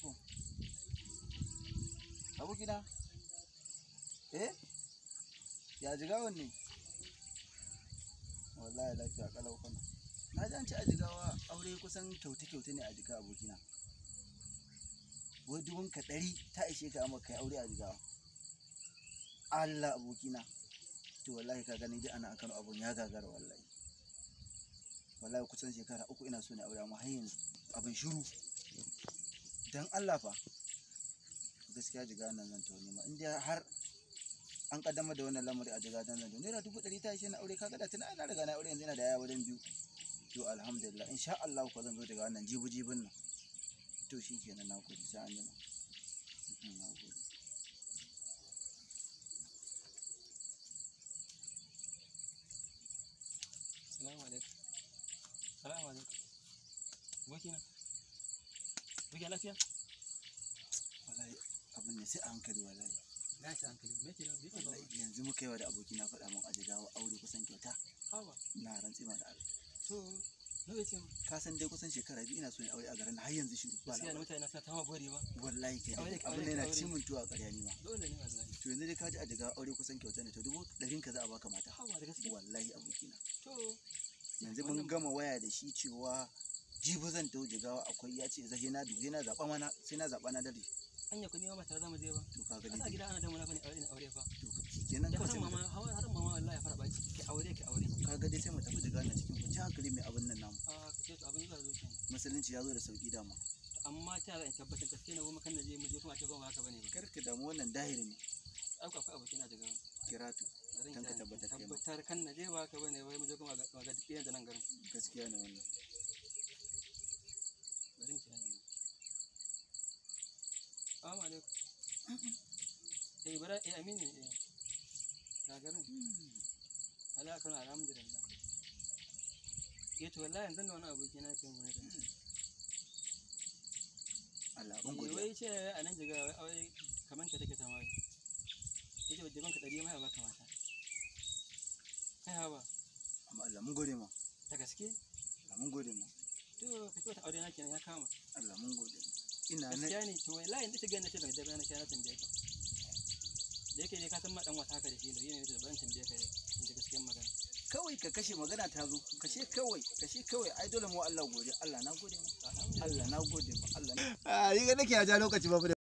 kwarai ku abokina eh ya jigawan ne wallahi lafiya kalau kana na ji an ci a aure kusan kyauta-kyauta ne a jiga abokina wai dubun ka ɗari ta ishe ka amma kai aure a Allah abokina to wallahi ka gani ana a Kano abun ya gagara wallahi wallahi kusan shekara uku ina so ne aure amma har yanzu abin shiru don Allah fa gaskiya jiga nan zan tauni ma inda har an kaddama da wannan lamari a jiga nan zan naira dubu ɗari ta ishe na aure kaga da tana ana riga na aure yanzu yana da yaya wajen biyu to alhamdulillah insha Allah ko zan zo daga wannan jibu jibun nan to shikenan na kudi sai an jima mm-hmm, na Assalamu alaikum. Assalamu alaikum. Abokina. Muke lafiya? Wallahi abin ne sai a hankali wallahi. Na shi hankali me ke nan wallahi yanzu muka yi wa da aboki na faɗa min aure kusan kyauta. Hawa. Na rantsi ma da Allah. To ka san dai kusan shekara biyu ina so in aure a garin har yanzu shi ba na mutane suna tawa gore ba wallahi ke abin yana ci tuwa ƙarya ni ma dole ne wallahi to yanzu dai ka ji a daga aure kusan kyauta ne to dubu ɗarin ka za a baka mata wallahi abokina to yanzu mun gama waya da shi cewa jibi zan tawo jigawa akwai ya ce zai na dubi na zaɓa mana sai na zaɓa na dare anya ku nema ba tare zama je ba to kaga dai gida ana da muna ne aure aure fa to kenan kawai mama har mama wallahi fara ba ki aure ki aure ga dai sai mu tafi daga nan cikin kwanciyar hankali mai abin nan namu a ah, ka ce to abin zai zo kenan musulunci ya zo da sauki mu. amma ta ga in tabbatar gaske ne goma kan da je mu je kuma ce goma haka bane ba kar ka damu wannan dahiri ne akwai akwai abokin na daga kiratu kan ka tabbatar kai tabbatar kan na je ba haka bane ba mu je kuma ga duk da nan garin gaskiya ne wannan eh bara eh eh na garin mm. kan alhamdulillah ya eh, wallahi yanzu da wani aboki na da Allah eh, wai ce a nan jiga wai kaman ka take wajen mai mata kai amma Allah mun gode ma ta gaske Allah mun gode ma to ta aure na kenan ya kama Allah mun gode ma ina nan gaskiya ne to wallahi inda shiga na ce baka dabana kira tambaye ka da yake dai ka san wata da shi ban tambaye ka dai inda gaskiyar magana kawai ka kashe magana ta zo kashe kawai kashe kawai ai dole mu Allah gode Allah na gode mu Allah na gode mu Allah a yi ah, ga nake ya ja lokaci ba